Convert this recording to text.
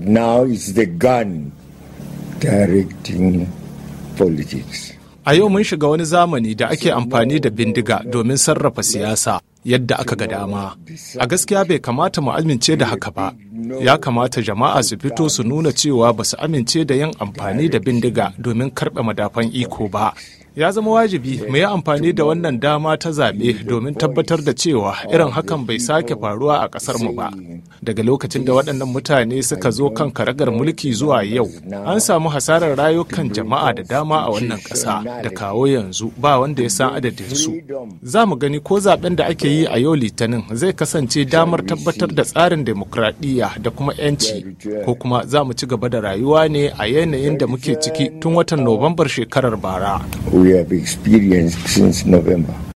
Now is the gun directing politics. A yau mun shiga wani zamani da ake amfani da bindiga domin sarrafa siyasa yadda aka ga dama. A gaskiya bai kamata mu amince da haka ba. Ya kamata jama'a su fito su nuna cewa ba su amince da yin amfani da bindiga domin karɓe madafan iko ba. Ya zama wajibi mu yi amfani da wannan dama ta zaɓe domin tabbatar da cewa irin hakan bai sake faruwa a ƙasarmu ba. daga lokacin da waɗannan mutane suka zo kan karagar mulki zuwa yau an samu hasarar rayukan jama'a da dama a wannan ƙasa da kawo yanzu ba wanda ya san adadin su za mu gani ko zaben da ake yi a yau litinin zai kasance damar tabbatar da tsarin demokradiyya da kuma 'yanci ko kuma za mu ci gaba da rayuwa ne a yanayin da muke ciki tun watan nobambar shekarar bara.